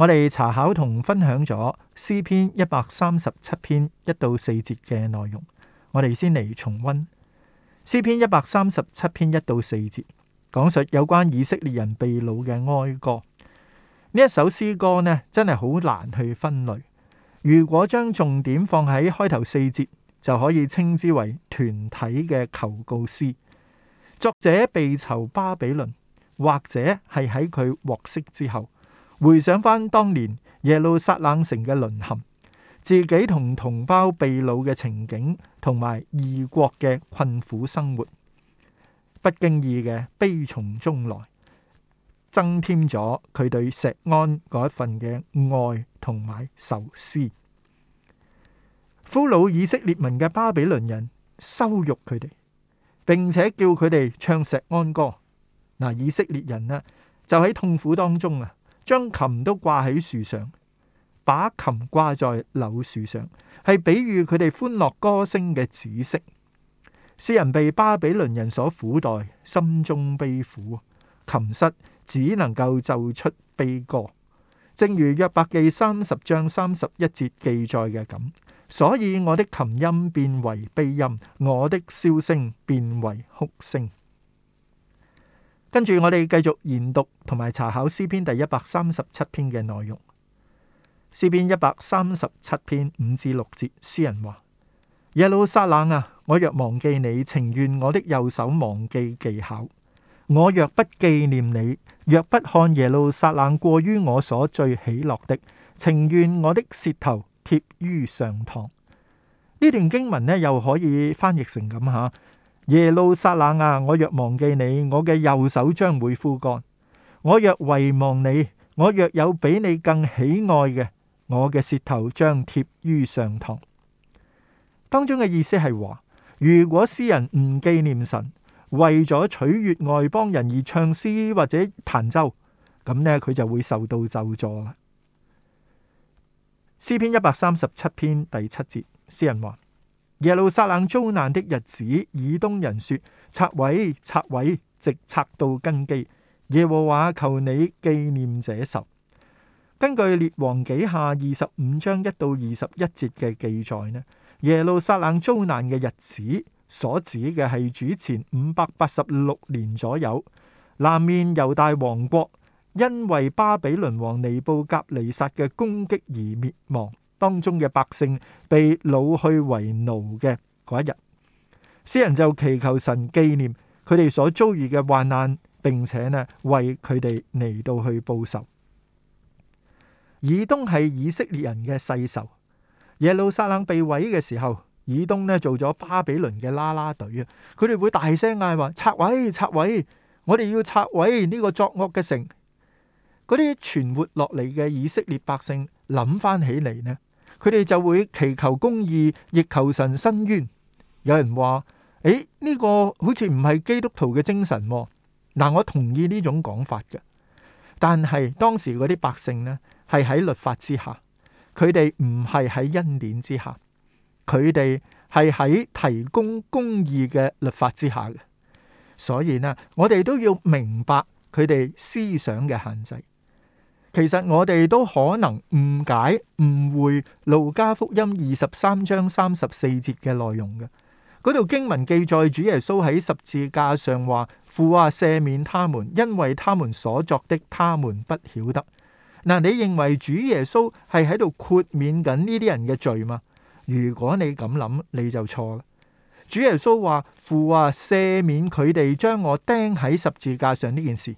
我哋查考同分享咗詩篇一百三十七篇一到四節嘅內容，我哋先嚟重溫詩篇一百三十七篇一到四節，講述有關以色列人被擄嘅哀歌。呢一首詩歌呢，真係好難去分類。如果將重點放喺開頭四節，就可以稱之為團體嘅求告詩。作者被囚巴比倫，或者係喺佢獲釋之後。回想翻當年耶路撒冷城嘅淪陷，自己同同胞被擄嘅情景，同埋異國嘅困苦生活，不經意嘅悲從中來，增添咗佢對錫安嗰一份嘅愛同埋愁思。俘虜以色列民嘅巴比倫人羞辱佢哋，並且叫佢哋唱錫安歌。嗱，以色列人呢就喺痛苦當中啊。將琴都掛喺樹上，把琴掛在柳樹上，係比喻佢哋歡樂歌聲嘅紫色。詩人被巴比倫人所苦待，心中悲苦，琴室只能夠奏出悲歌。正如約伯記三十章三十一節記載嘅咁，所以我的琴音變為悲音，我的笑聲變為哭聲。跟住我哋繼續研讀同埋查考詩篇第一百三十七篇嘅內容。詩篇一百三十七篇五至六節，詩人話：耶路撒冷啊，我若忘記你，情願我的右手忘記技巧；我若不紀念你，若不看耶路撒冷過於我所最喜樂的，情願我的舌頭貼於上膛。呢段經文呢，又可以翻譯成咁吓。耶路撒冷啊！我若忘記你，我嘅右手將會枯乾；我若遺忘你，我若有比你更喜愛嘅，我嘅舌頭將貼於上膛。當中嘅意思係話，如果詩人唔紀念神，為咗取悦外邦人而唱詩或者彈奏，咁呢，佢就會受到咒詛。詩篇一百三十七篇第七節，詩人話。耶路撒冷遭難的日子，以東人說：拆毀，拆毀直拆到根基。耶和華求你紀念這十。根據《列王紀下》二十五章一到二十一節嘅記載呢，耶路撒冷遭難嘅日子所指嘅係主前五百八十六年左右，南面猶大王國因為巴比倫王尼布甲尼撒嘅攻，攻擊而滅亡。當中嘅百姓被老去為奴嘅嗰一日，詩人就祈求神紀念佢哋所遭遇嘅患難，並且呢為佢哋嚟到去報仇。以東係以色列人嘅世仇。耶路撒冷被毀嘅時候，以東呢做咗巴比倫嘅啦啦隊啊！佢哋會大聲嗌話拆毀、拆毀，我哋要拆毀呢個作惡嘅城。嗰啲存活落嚟嘅以色列百姓諗翻起嚟呢？佢哋就會祈求公義，亦求神伸冤。有人話：誒，呢個好似唔係基督徒嘅精神哦。嗱，我同意呢種講法嘅。但係當時嗰啲百姓呢，係喺律法之下，佢哋唔係喺恩典之下，佢哋係喺提供公義嘅律法之下嘅。所以呢，我哋都要明白佢哋思想嘅限制。其實我哋都可能誤解、誤會路加福音二十三章三十四節嘅內容嘅。嗰度經文記載主耶穌喺十字架上話：父啊，赦免他們，因為他們所作的，他們不曉得。嗱，你認為主耶穌係喺度豁免緊呢啲人嘅罪嘛？如果你咁諗，你就錯啦。主耶穌話：父啊，赦免佢哋將我釘喺十字架上呢件事，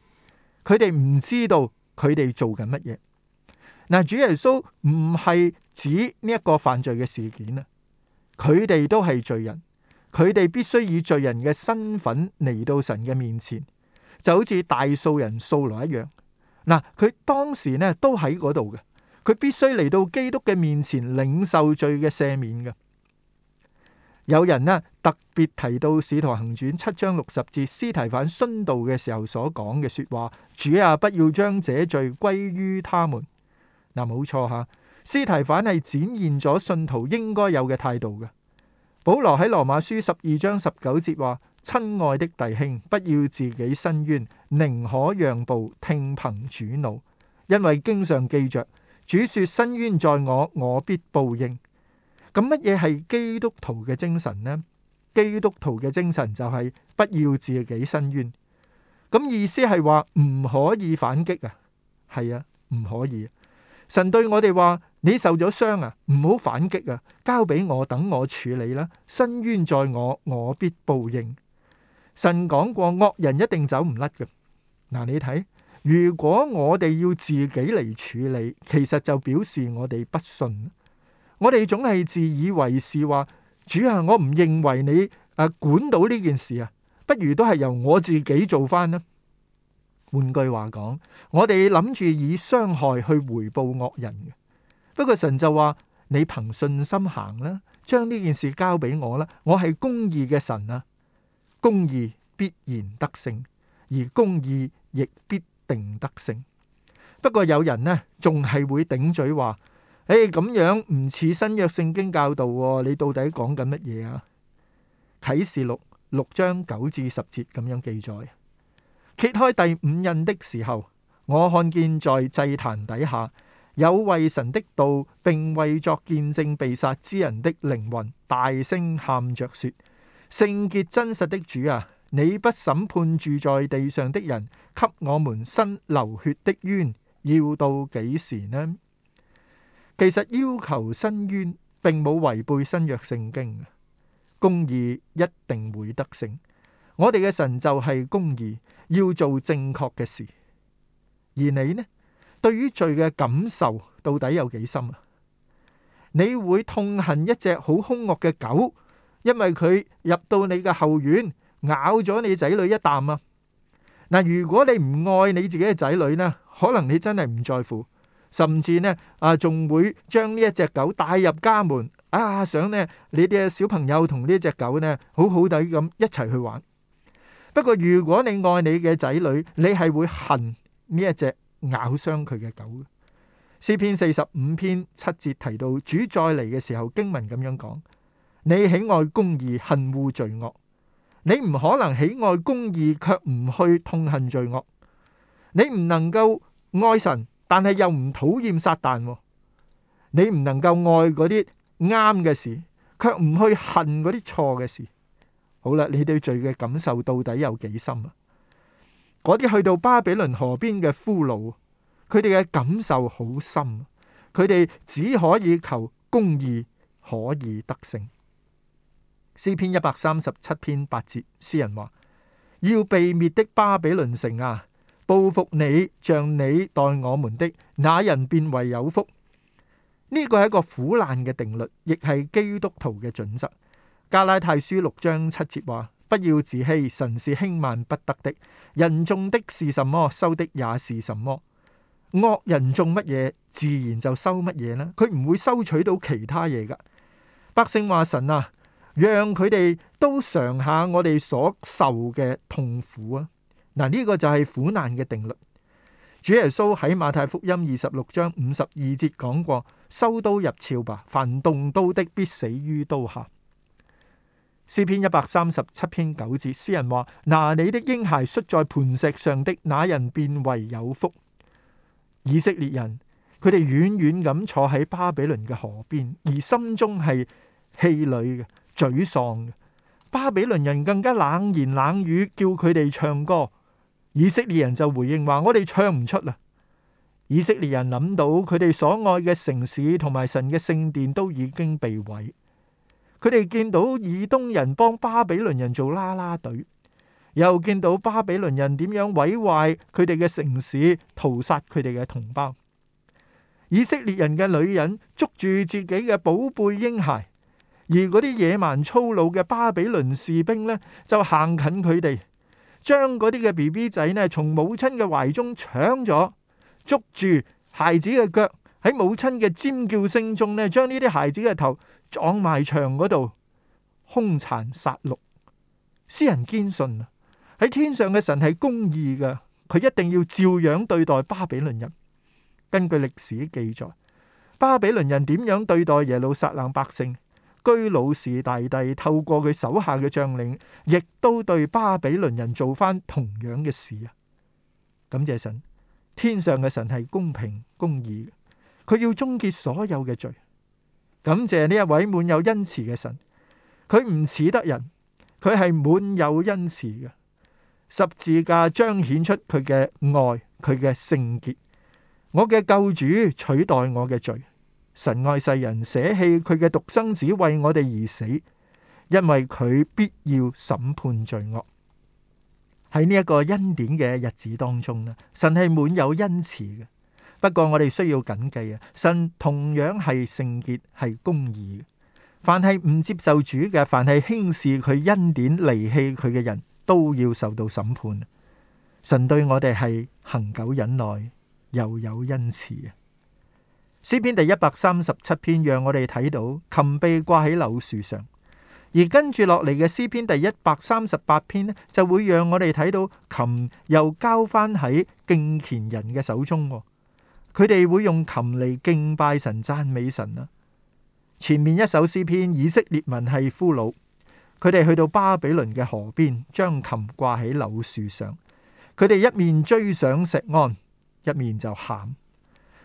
佢哋唔知道。佢哋做緊乜嘢？嗱，主耶穌唔係指呢一個犯罪嘅事件啊，佢哋都係罪人，佢哋必須以罪人嘅身份嚟到神嘅面前，就好似大數人掃羅一樣。嗱，佢當時呢都喺嗰度嘅，佢必須嚟到基督嘅面前領受罪嘅赦免嘅。有人呢特別提到《使徒行傳》七章六十節，司提反殉道嘅時候所講嘅說話：主啊，不要將這罪歸於他們。嗱，冇錯吓，司提反係展現咗信徒應該有嘅態度嘅。保羅喺《羅馬書》十二章十九節話：親愛的弟兄，不要自己申冤，寧可讓步，聽憑主怒，因為經常記着，主說：申冤在我，我必報應。咁乜嘢係基督徒嘅精神呢？基督徒嘅精神就係不要自己申冤。咁意思係話唔可以反擊啊？係啊，唔可以。神對我哋話：你受咗傷啊，唔好反擊啊，交俾我等我處理啦。申冤在我，我必報應。神講過惡人一定走唔甩嘅。嗱，你睇，如果我哋要自己嚟處理，其實就表示我哋不信。我哋總係自以為是，話主啊，我唔認為你誒管到呢件事啊，不如都係由我自己做翻啦。換句話講，我哋諗住以傷害去回報惡人，不過神就話你憑信心行啦，將呢件事交俾我啦，我係公義嘅神啊，公義必然得勝，而公義亦必定得勝。不過有人呢仲係會頂嘴話。誒，咁樣唔似新約聖經教導，你到底講緊乜嘢啊？啟示錄六，六章九至十節咁樣記載，揭開第五印的時候，我看見在祭壇底下有為神的道並為作見證被殺之人的靈魂大聲喊着說：聖潔真實的主啊，你不審判住在地上的人，給我們伸流血的冤，要到幾時呢？其實要求伸冤並冇違背新約聖經啊，公義一定會得勝。我哋嘅神就係公義，要做正確嘅事。而你呢，對於罪嘅感受到底有幾深啊？你會痛恨一隻好凶惡嘅狗，因為佢入到你嘅後院，咬咗你仔女一啖啊。嗱，如果你唔愛你自己嘅仔女呢，可能你真係唔在乎。甚至呢，啊，仲會將呢一隻狗帶入家門，啊，想呢，你啲小朋友同呢隻狗呢，好好地咁一齊去玩。不過如果你愛你嘅仔女，你係會恨呢一隻咬傷佢嘅狗。詩篇四十五篇七節提到主再嚟嘅時候，經文咁樣講：你喜愛公義，恨惡罪惡。你唔可能喜愛公義，卻唔去痛恨罪惡。你唔能夠愛神，但係又唔討厭撒旦喎，你唔能夠愛嗰啲啱嘅事，卻唔去恨嗰啲錯嘅事。好啦，你對罪嘅感受到底有幾深啊？嗰啲去到巴比倫河邊嘅俘虜，佢哋嘅感受好深，佢哋只可以求公義可以得勝。詩篇一百三十七篇八節，詩人話：要被滅的巴比倫城啊！報復你像你待我們的那人便為有福。呢個係一個苦難嘅定律，亦係基督徒嘅準則。加拉太書六章七節話：不要自欺，神是輕慢不得的。人種的是什麼，收的也是什麼。惡人種乜嘢，自然就收乜嘢啦。佢唔會收取到其他嘢噶。百姓話神啊，讓佢哋都嘗下我哋所受嘅痛苦啊！嗱，呢個就係苦難嘅定律。主耶穌喺馬太福音二十六章五十二節講過：收刀入鞘吧，凡動刀的必死於刀下。詩篇一百三十七篇九節，詩人話：拿你的嬰孩摔在磐石上的那人，變為有福。以色列人，佢哋遠遠咁坐喺巴比倫嘅河邊，而心中係氣餒嘅、沮喪嘅。巴比倫人更加冷言冷語，叫佢哋唱歌。以色列人就回應話：我哋唱唔出啦！以色列人諗到佢哋所愛嘅城市同埋神嘅聖殿都已經被毀，佢哋見到以東人幫巴比倫人做啦啦隊，又見到巴比倫人點樣毀壞佢哋嘅城市，屠殺佢哋嘅同胞。以色列人嘅女人捉住自己嘅寶貝嬰孩，而嗰啲野蠻粗魯嘅巴比倫士兵呢，就行近佢哋。將嗰啲嘅 BB 仔咧，從母親嘅懷中搶咗，捉住孩子嘅腳，喺母親嘅尖叫聲中咧，將呢啲孩子嘅頭撞埋牆嗰度，兇殘殺戮。詩人堅信喺天上嘅神係公義嘅，佢一定要照樣對待巴比倫人。根據歷史記載，巴比倫人點樣對待耶路撒冷百姓？居魯士大帝透過佢手下嘅將領，亦都對巴比倫人做返同樣嘅事啊！感謝神，天上嘅神係公平公義，佢要終結所有嘅罪。感謝呢一位滿有恩慈嘅神，佢唔似得人，佢係滿有恩慈嘅。十字架彰顯出佢嘅愛，佢嘅聖潔。我嘅救主取代我嘅罪。神愛世人，捨棄佢嘅獨生子為我哋而死，因為佢必要審判罪惡。喺呢一個恩典嘅日子當中咧，神係滿有恩慈嘅。不過我哋需要謹記啊，神同樣係聖潔、係公義嘅。凡係唔接受主嘅，凡係輕視佢恩典、離棄佢嘅人都要受到審判。神對我哋係恆久忍耐，又有恩慈。詩篇第一百三十七篇讓我哋睇到琴被掛喺柳樹上，而跟住落嚟嘅詩篇第一百三十八篇呢，就會讓我哋睇到琴又交翻喺敬虔人嘅手中，哦。佢哋會用琴嚟敬拜神，讚美神啦、啊。前面一首詩篇，以色列民係俘虜，佢哋去到巴比倫嘅河邊，將琴掛喺柳樹上，佢哋一面追上石安，一面就喊。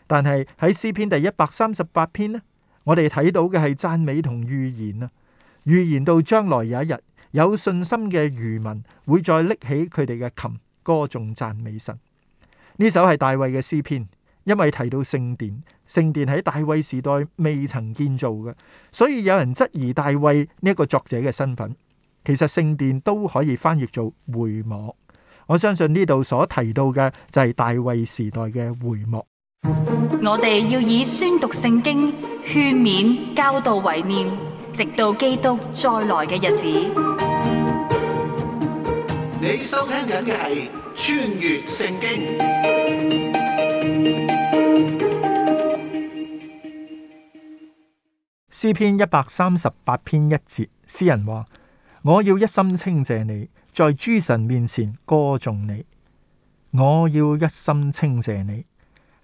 但係喺詩篇第一百三十八篇呢，我哋睇到嘅係讚美同預言啊。預言到將來有一日，有信心嘅漁民會再拎起佢哋嘅琴，歌頌讚美神。呢首係大衛嘅詩篇，因為提到聖殿，聖殿喺大衛時代未曾建造嘅，所以有人質疑大衛呢個作者嘅身份。其實聖殿都可以翻譯做會幕，我相信呢度所提到嘅就係大衛時代嘅會幕。我哋要以宣讀聖經、勸勉、教導為念，直到基督再來嘅日子。你收聽緊嘅係穿越聖經，詩篇一百三十八篇一節，詩人話：我要一心稱謝你，在諸神面前歌頌你。我要一心稱謝你。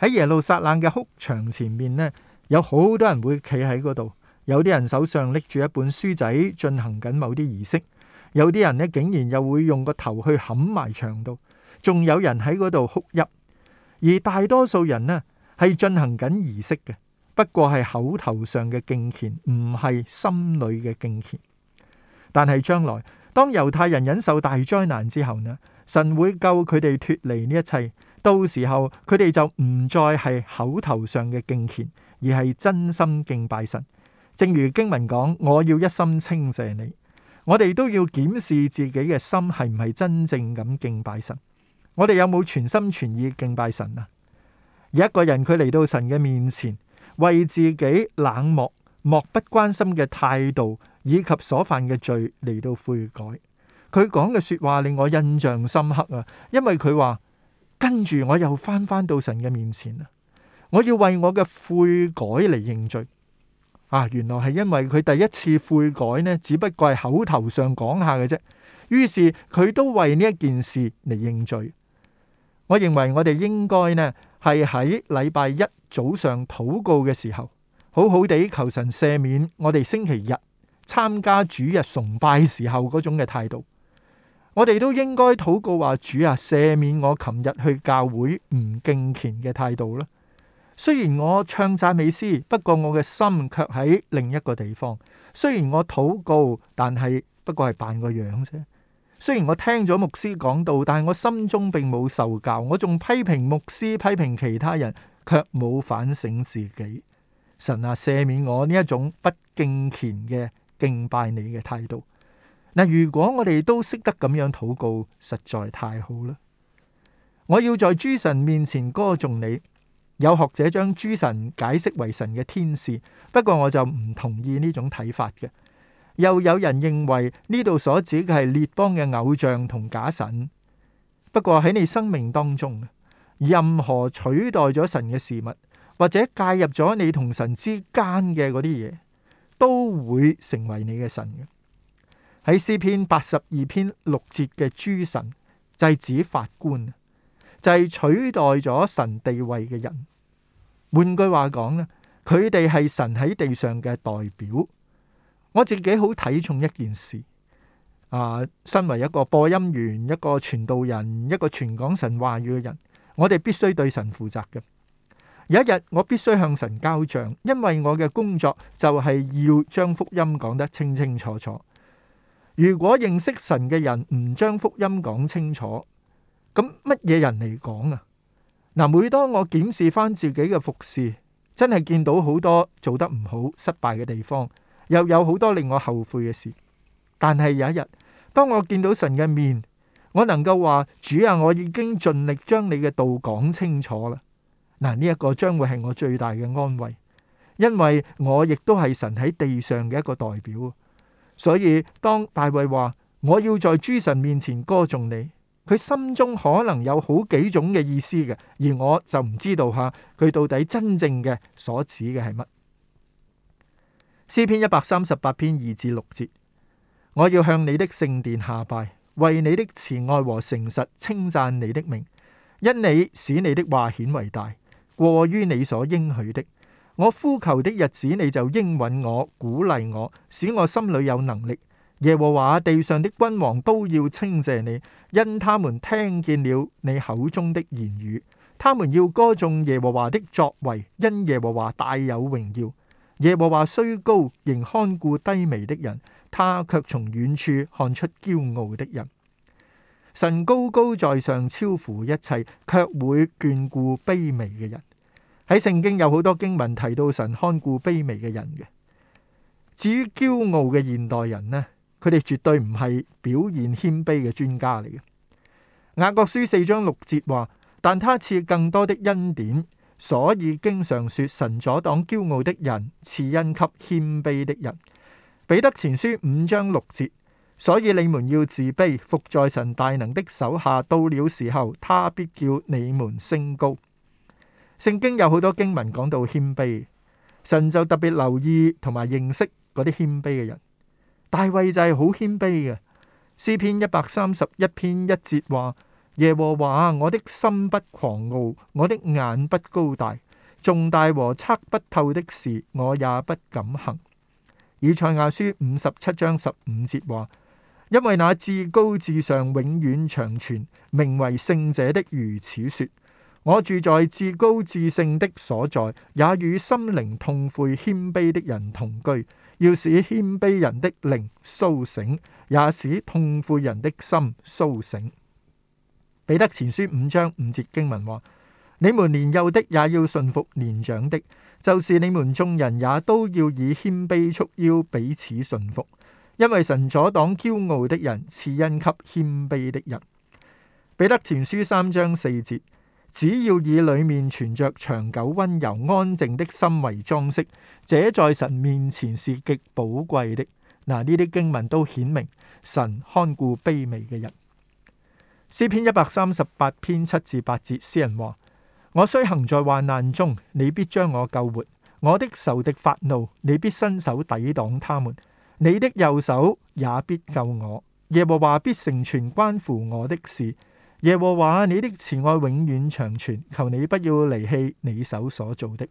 喺耶路撒冷嘅哭牆前面呢，有好多人會企喺嗰度，有啲人手上拎住一本書仔進行緊某啲儀式，有啲人呢竟然又會用個頭去冚埋牆度，仲有人喺嗰度哭泣，而大多數人呢，係進行緊儀式嘅，不過係口頭上嘅敬虔，唔係心裏嘅敬虔。但係將來當猶太人忍受大災難之後呢，神會救佢哋脫離呢一切。到時候佢哋就唔再係口頭上嘅敬虔，而係真心敬拜神。正如經文講：我要一心稱謝你，我哋都要檢視自己嘅心係唔係真正咁敬拜神。我哋有冇全心全意敬拜神啊？而一個人佢嚟到神嘅面前，為自己冷漠、漠不關心嘅態度以及所犯嘅罪嚟到悔改。佢講嘅說話令我印象深刻啊，因為佢話。跟住我又翻返到神嘅面前啦，我要為我嘅悔改嚟認罪。啊，原來係因為佢第一次悔改呢，只不過係口頭上講下嘅啫。於是佢都為呢一件事嚟認罪。我認為我哋應該呢係喺禮拜一早上禱告嘅時候，好好地求神赦免我哋星期日參加主日崇拜時候嗰種嘅態度。我哋都應該禱告話，主啊，赦免我琴日去教會唔敬虔嘅態度啦。雖然我唱讚美詩，不過我嘅心卻喺另一個地方。雖然我禱告，但係不過係扮個樣啫。雖然我聽咗牧師講道，但係我心中並冇受教。我仲批評牧師，批評其他人，卻冇反省自己。神啊，赦免我呢一種不敬虔嘅敬拜你嘅態度。嗱，如果我哋都識得咁樣禱告，實在太好啦！我要在諸神面前歌頌你。有學者將諸神解釋為神嘅天使，不過我就唔同意呢種睇法嘅。又有人認為呢度所指嘅係列邦嘅偶像同假神。不過喺你生命當中，任何取代咗神嘅事物，或者介入咗你同神之間嘅嗰啲嘢，都會成為你嘅神嘅。喺詩篇八十二篇六節嘅諸神，就係指法官，就係取代咗神地位嘅人。換句話講咧，佢哋係神喺地上嘅代表。我自己好睇重一件事，啊，身為一個播音員、一個傳道人、一個傳講神話語嘅人，我哋必須對神負責嘅。有一日，我必須向神交賬，因為我嘅工作就係要將福音講得清清楚楚。如果認識神嘅人唔將福音講清楚，咁乜嘢人嚟講啊？嗱，每當我檢視翻自己嘅服侍，真係見到好多做得唔好、失敗嘅地方，又有好多令我後悔嘅事。但係有一日，當我見到神嘅面，我能夠話主啊，我已經盡力將你嘅道講清楚啦。嗱，呢一個將會係我最大嘅安慰，因為我亦都係神喺地上嘅一個代表。所以當大衛話我要在諸神面前歌頌你，佢心中可能有好幾種嘅意思嘅，而我就唔知道下佢到底真正嘅所指嘅係乜。詩篇一百三十八篇二至六節，我要向你的聖殿下拜，為你的慈愛和誠實稱讚你的名，因你使你的話顯為大，過於你所應許的。我呼求的日子，你就應允我，鼓勵我，使我心裏有能力。耶和華，地上的君王都要稱謝你，因他們聽見了你口中的言語。他們要歌頌耶和華的作為，因耶和華大有榮耀。耶和華雖高，仍看顧低微的人，他卻從遠處看出驕傲的人。神高高在上，超乎一切，卻會眷顧卑微嘅人。喺聖經有好多經文提到神看顧卑微嘅人嘅。至於驕傲嘅現代人呢，佢哋絕對唔係表現謙卑嘅專家嚟嘅。雅各書四章六節話：但他賜更多的恩典，所以經常說神阻擋驕傲的人，賜恩給謙卑的人。彼得前書五章六節：所以你們要自卑，伏在神大能的手下。到了時候，他必叫你們升高。聖經有好多經文講到謙卑，神就特別留意同埋認識嗰啲謙卑嘅人。大衛就係好謙卑嘅，詩篇一百三十一篇一節話：耶和華，我的心不狂傲，我的眼不高大，重大和測不透的事，我也不敢行。以賽亞書五十七章十五節話：因為那至高至上、永遠長存、名為聖者的如此說。我住在至高至聖的所在，也與心靈痛悔謙卑的人同居，要使謙卑人的靈蘇醒，也使痛悔人的心蘇醒。彼得前書五章五節經文話：你們年幼的也要順服年長的，就是你們眾人也都要以謙卑束腰，彼此順服，因為神阻擋驕傲的人，賜恩給謙卑的人。彼得前書三章四節。只要以裏面存着長久温柔安靜的心為裝飾，這在神面前是極寶貴的。嗱，呢啲經文都顯明神看顧卑微嘅人。詩篇一百三十八篇七至八節，詩人話：我雖行在患難中，你必將我救活；我的仇敵發怒，怒，你必伸手抵擋他們。你的右手也必救我，耶和華必成全關乎我的事。耶和華，你的慈愛永遠長存。求你不要離棄你手所造的。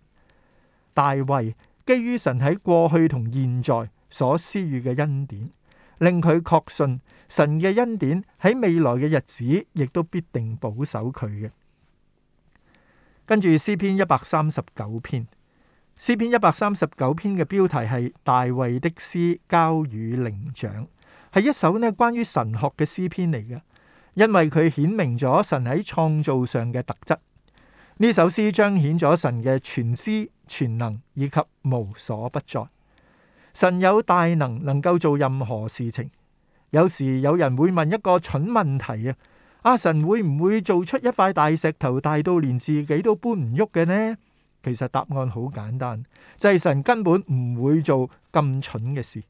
大衛基於神喺過去同現在所施予嘅恩典，令佢確信神嘅恩典喺未來嘅日子亦都必定保守佢嘅。跟住詩篇一百三十九篇，詩篇一百三十九篇嘅標題係《大衛的詩交與伶長》，係一首呢關於神學嘅詩篇嚟嘅。因為佢顯明咗神喺創造上嘅特質，呢首詩彰顯咗神嘅全知、全能以及無所不在。神有大能，能夠做任何事情。有時有人會問一個蠢問題啊，阿神會唔會做出一塊大石頭大到連自己都搬唔喐嘅呢？其實答案好簡單，就係神根本唔會做咁蠢嘅事。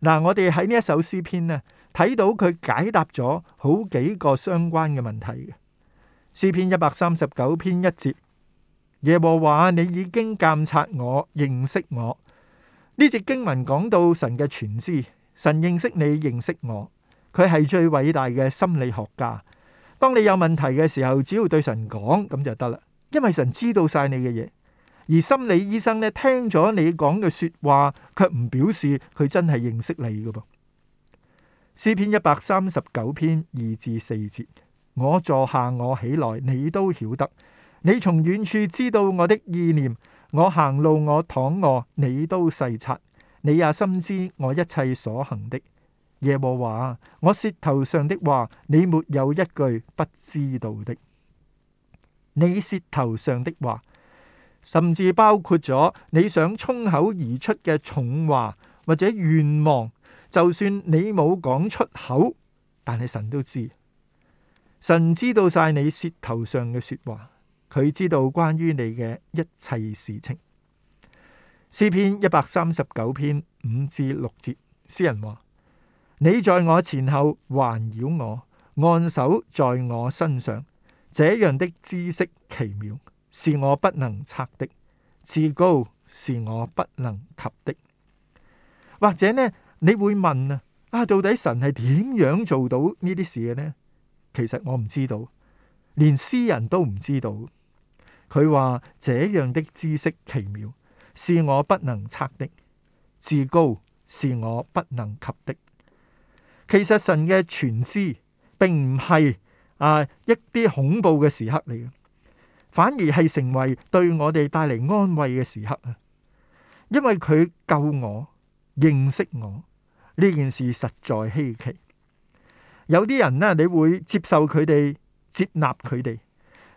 嗱，我哋喺呢一首詩篇呢？睇到佢解答咗好幾個相關嘅問題嘅。詩篇一百三十九篇一節，耶和華，你已經監察我，認識我。呢節經文講到神嘅全知，神認識你認識我，佢係最偉大嘅心理學家。當你有問題嘅時候，只要對神講，咁就得啦，因為神知道晒你嘅嘢。而心理醫生咧，聽咗你講嘅說話，卻唔表示佢真係認識你嘅噃。詩篇一百三十九篇二至四節，我坐下，我起來，你都曉得；你從遠處知道我的意念。我行路，我躺臥，你都細察，你也深知我一切所行的。耶和華，我舌頭上的話，你沒有一句不知道的。你舌頭上的話，甚至包括咗你想衝口而出嘅重話或者願望。就算你冇講出口，但係神都知，神知道晒你舌頭上嘅說話，佢知道關於你嘅一切事情。詩篇一百三十九篇五至六節，詩人話：你在我前後，環繞我，按手在我身上，這樣的知識奇妙，是我不能測的，至高，是我不能及的。或者呢？你會問啊，啊到底神係點樣做到呢啲事嘅呢？其實我唔知道，連詩人都唔知道。佢話，這樣的知識奇妙，是我不能測的，至高是我不能及的。其實神嘅全知並唔係啊一啲恐怖嘅時刻嚟嘅，反而係成為對我哋帶嚟安慰嘅時刻啊，因為佢救我，認識我。呢件事實在稀奇，有啲人呢，你會接受佢哋，接納佢哋，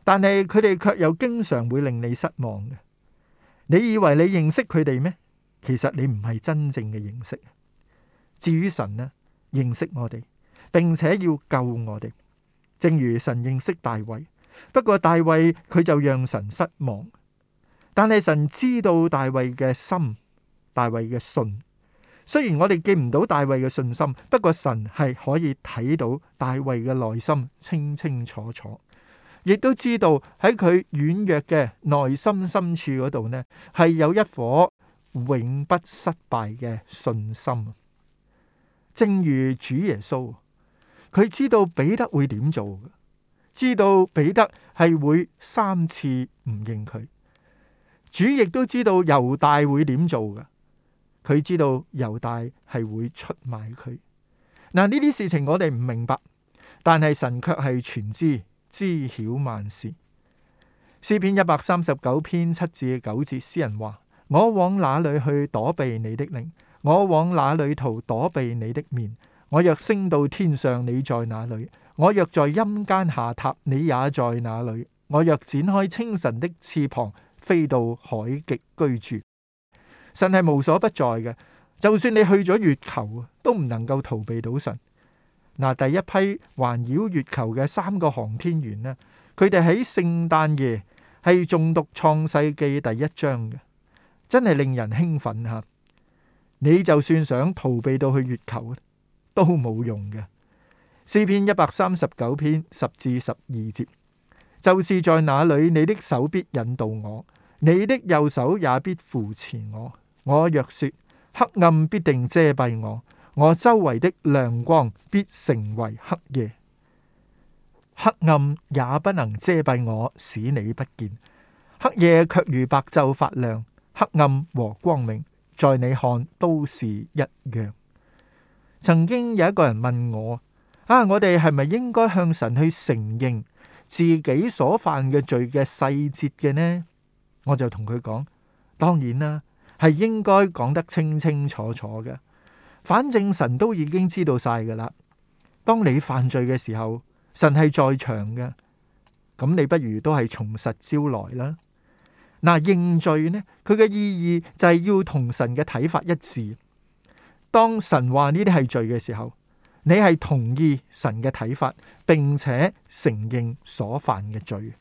但係佢哋卻又經常會令你失望嘅。你以為你認識佢哋咩？其實你唔係真正嘅認識。至於神呢，認識我哋，並且要救我哋。正如神認識大衛，不過大衛佢就讓神失望。但係神知道大衛嘅心，大衛嘅信。雖然我哋見唔到大衛嘅信心，不過神係可以睇到大衛嘅內心清清楚楚，亦都知道喺佢軟弱嘅內心深處嗰度呢，係有一顆永不失敗嘅信心。正如主耶穌，佢知道彼得會點做，知道彼得係會三次唔認佢，主亦都知道猶大會點做嘅。佢知道猶大係會出賣佢。嗱，呢啲事情我哋唔明白，但係神卻係全知，知曉萬事。詩篇一百三十九篇七至九節，詩人話：我往哪裏去躲避你的靈？我往哪裏逃躲避你的面？我若升到天上，你在哪裏？我若在陰間下榻，你也在哪裏？我若展開清晨的翅膀，飛到海極居住。神係無所不在嘅，就算你去咗月球，都唔能夠逃避到神。嗱，第一批環繞月球嘅三個航天員呢，佢哋喺聖誕夜係誦讀創世記第一章嘅，真係令人興奮吓。你就算想逃避到去月球，都冇用嘅。詩篇一百三十九篇十至十二節，就是在那裏，你的手必引導我，你的右手也必扶持我。我若說黑暗必定遮蔽我，我周圍的亮光必成為黑夜。黑暗也不能遮蔽我，使你不見。黑夜卻如白晝發亮。黑暗和光明在你看都是一樣。曾經有一個人問我：啊，我哋係咪應該向神去承認自己所犯嘅罪嘅細節嘅呢？我就同佢講：當然啦。係應該講得清清楚楚嘅，反正神都已經知道晒噶啦。當你犯罪嘅時候，神係在場嘅，咁你不如都係從實招來啦。嗱，認罪呢，佢嘅意義就係要同神嘅睇法一致。當神話呢啲係罪嘅時候，你係同意神嘅睇法，並且承認所犯嘅罪。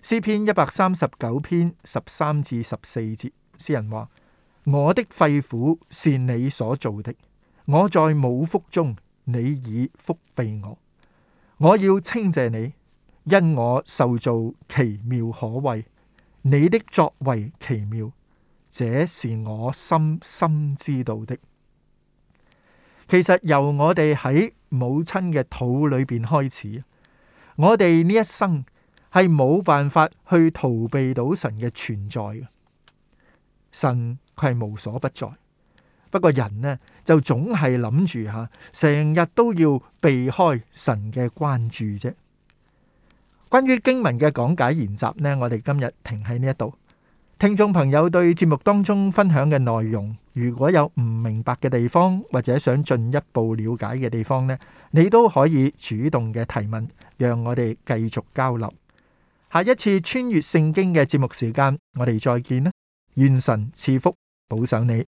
詩篇一百三十九篇十三至十四節。詩人話：我的肺腑是你所做的，我在母腹中，你已覆庇我。我要稱謝你，因我受造奇妙可畏，你的作為奇妙，這是我深深知道的。其實由我哋喺母親嘅肚裏邊開始，我哋呢一生係冇辦法去逃避到神嘅存在神佢係無所不在，不過人呢就總係諗住吓，成日都要避開神嘅關注啫。關於經文嘅講解研習呢，我哋今日停喺呢一度。聽眾朋友對節目當中分享嘅內容，如果有唔明白嘅地方或者想進一步了解嘅地方呢，你都可以主動嘅提問，讓我哋繼續交流。下一次穿越聖經嘅節目時間，我哋再見啦。願神賜福，保守你。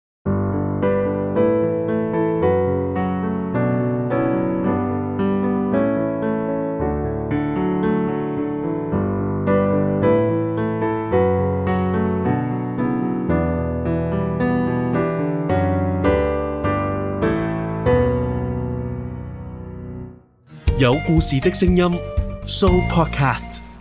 有故事的聲音，Sooopodcast。